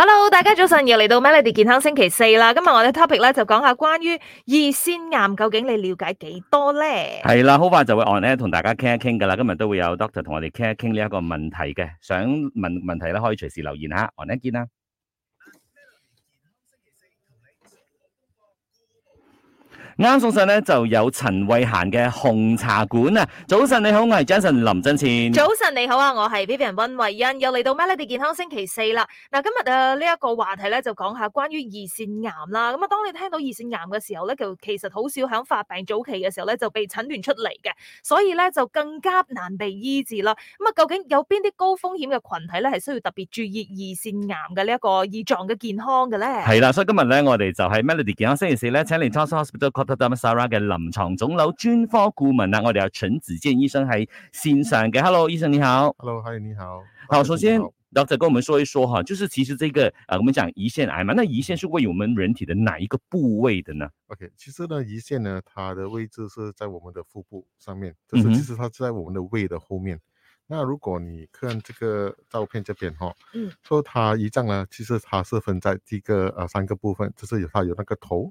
Hello，大家早晨。又嚟到 Melody 健康星期四啦。今日我哋 topic 呢就講下關於胰腺癌，究竟你了解幾多少呢？係啦，好快就會 on air 同大家傾一傾㗎啦。今日都會有 Doctor 同我哋傾一傾呢一個問題嘅，想問問題咧可以隨時留言吓，on air 見啊。啱送上咧，就有陳慧嫻嘅《紅茶館》啊！早晨你好，我係 Jason 林振前。早晨你好啊，我係 Vivian 溫慧欣，又嚟到 Melody 健康星期四啦。嗱，今日呢一個話題咧就講下關於胰腺癌啦。咁啊，當你聽到胰腺癌嘅時候咧，就其實好少喺發病早期嘅時候咧就被診斷出嚟嘅，所以咧就更加難被醫治啦。咁啊，究竟有邊啲高風險嘅群體咧係需要特別注意胰腺癌嘅呢一個胰臟嘅健康嘅咧？係啦，所以今日咧我哋就係 Melody 健康星期四咧，請嚟 Johnson Hospital。特登們 Sarah 嘅臨床腫瘤專科顧問啊，我哋有陳子健醫生喺線上嘅。Hello，醫生你好。Hello，係你好。好，首先，Doctor 跟我們說一說哈，就是其實這個，誒、呃，我們講胰腺癌嘛，那胰腺是位於我們人體的哪一個部位的呢？OK，其實呢，胰腺呢，它的位置是在我們的腹部上面，就是其實它是在我們的胃的後面。Mm -hmm. 那如果你看這個照片，這邊哈，嗯、mm -hmm. 哦，所以它胰臟呢，其實它是分在這個，誒、呃，三個部分，就是有，它有那個頭。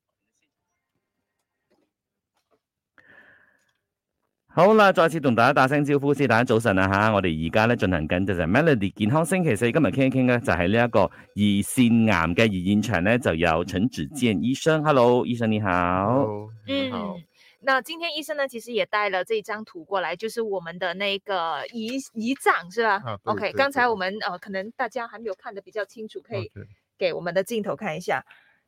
好啦，再次同大家打聲招呼先，謝謝大家早晨啦、啊、吓，我哋而家咧進行緊就係 Melody 健康星期四，今日傾一傾咧就係呢一個胰腺癌嘅遺傳咧，就由陳子健醫生，Hello，醫生你好，hello, hello. 嗯好，那今天醫生呢其實也帶了這張圖過來，就是我們的那個胰胰臟，是吧、ah, 對對對？OK，剛才我們哦、呃、可能大家還沒有看得比較清楚，可以給我們的鏡頭看一下。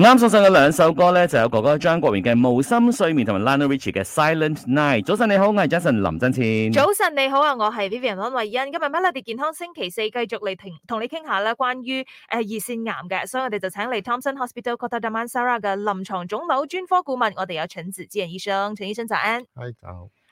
啱送上嘅兩首歌咧，就有哥哥張國榮嘅《無心睡眠》同埋 Lana Ritch 嘅《Silent Night》。早晨你好，我係 Jason 林真千。早晨你好啊，我係 Vivian 温慧欣。今日 Melody 健康星期四繼續嚟停同你傾下啦，關於誒乳腺癌嘅，所以我哋就請嚟 Thompson Hospital Consultant Sarah 嘅臨床腫瘤專科顧問，我哋有陳子健醫生。陳醫生早安。嗨，早。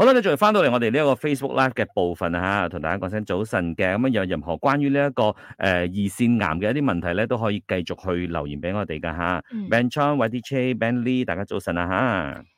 好啦，你仲係翻到嚟我哋呢個 Facebook Live 嘅部分啊，吓同大家講聲早晨嘅。咁樣有任何關於呢一個誒胰腺癌嘅一啲問題咧，都可以繼續去留言俾我哋噶吓。Ben Chong Wadey Che、Ben Lee，大家早晨啊吓。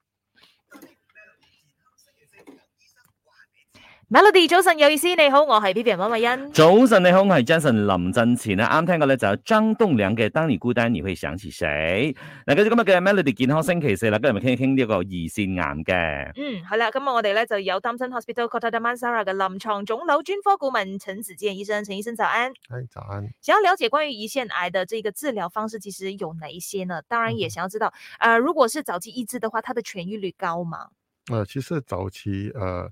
Melody 早晨有意思，你好，我係 Vivian 溫慧欣。早晨你好，我係 Jason。臨陣前啊，啱聽過咧，就張棟樑嘅《當你孤單》，你會想起誰？嗱，跟住今日嘅 Melody 健康星期四啦，跟住咪傾一傾呢個胰腺癌嘅。嗯，好啦，咁我我哋咧就有 Thomson Hospital Kota Damansara 嘅臨床腫瘤專科顧問陳子健醫生，陳醫生早安。誒，早安。想要了解關於胰腺癌的這個治療方式，其實有哪一些呢？當然也想要知道，誒、嗯呃，如果是早期抑制的話，它的痊愈率高嗎？誒、呃，其實早期誒。呃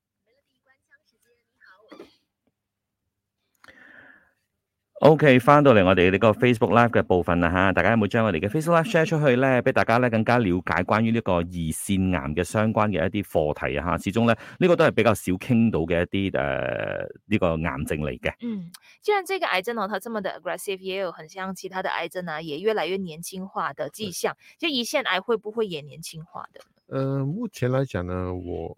OK，翻到嚟我哋呢個 Facebook Live 嘅部分啦吓，大家有冇將我哋嘅 Facebook Live share 出去咧？俾大家咧更加了解關於呢個胰腺癌嘅相關嘅一啲課題啊吓，始終咧呢個都係比較少傾到嘅一啲誒呢個癌症嚟嘅。嗯，既然這個癌症啊，它這麼的 aggressive，也有很像其他的癌症啊，也越來越年輕化的跡象。就胰腺癌會不會也年輕化的？嗯、呃，目前來講呢，我。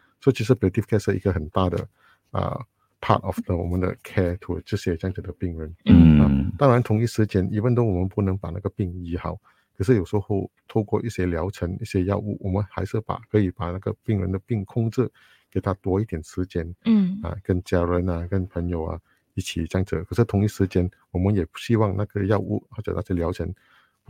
所以其實 preventive care 是一個很大的啊 part of 的我們的 care to 這些這樣子的病人。嗯，當然同一時間，even though 我們不能把那個病醫好，可是有時候透過一些療程、一些藥物，我們還是把可以把那個病人的病控制，給他多一點時間。嗯、mm.，啊，跟家人啊，跟朋友啊一起這樣子。可是同一時間，我們也不希望那個藥物或者那些療程，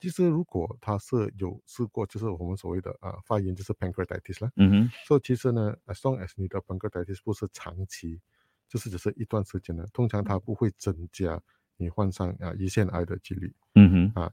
其實如果他是有試過，就是我們所謂的啊，發炎就是 pancreatitis 啦。嗯哼，所以其實呢，as long as 你的 pancreatitis 不是長期，就是只是一段時間呢，通常它不會增加你患上啊胰腺癌的幾率。嗯哼，啊。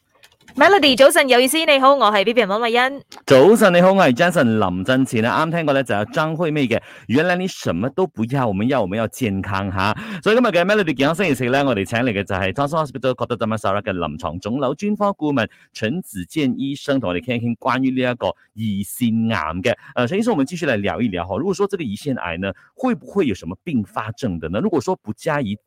Melody 早晨有意思，你好，我係 B B M 溫慧欣。早晨你好，我係 Jason 林振前啊，啱聽過咧就有、是、張惠妹嘅原來你什麼都不要，我們要我們要健康吓。所以今日嘅 Melody 健康星期四咧，我哋請嚟嘅就係 Thomson Hospital Kota Damansara 嘅臨床腫瘤專科顧問陳子健醫生同我哋傾一傾關於呢一個胰腺癌嘅。誒、呃，陳醫生，我們繼續嚟聊一聊吓。如果說這個胰腺癌呢，會不會有什麼併發症的呢？如果說不加以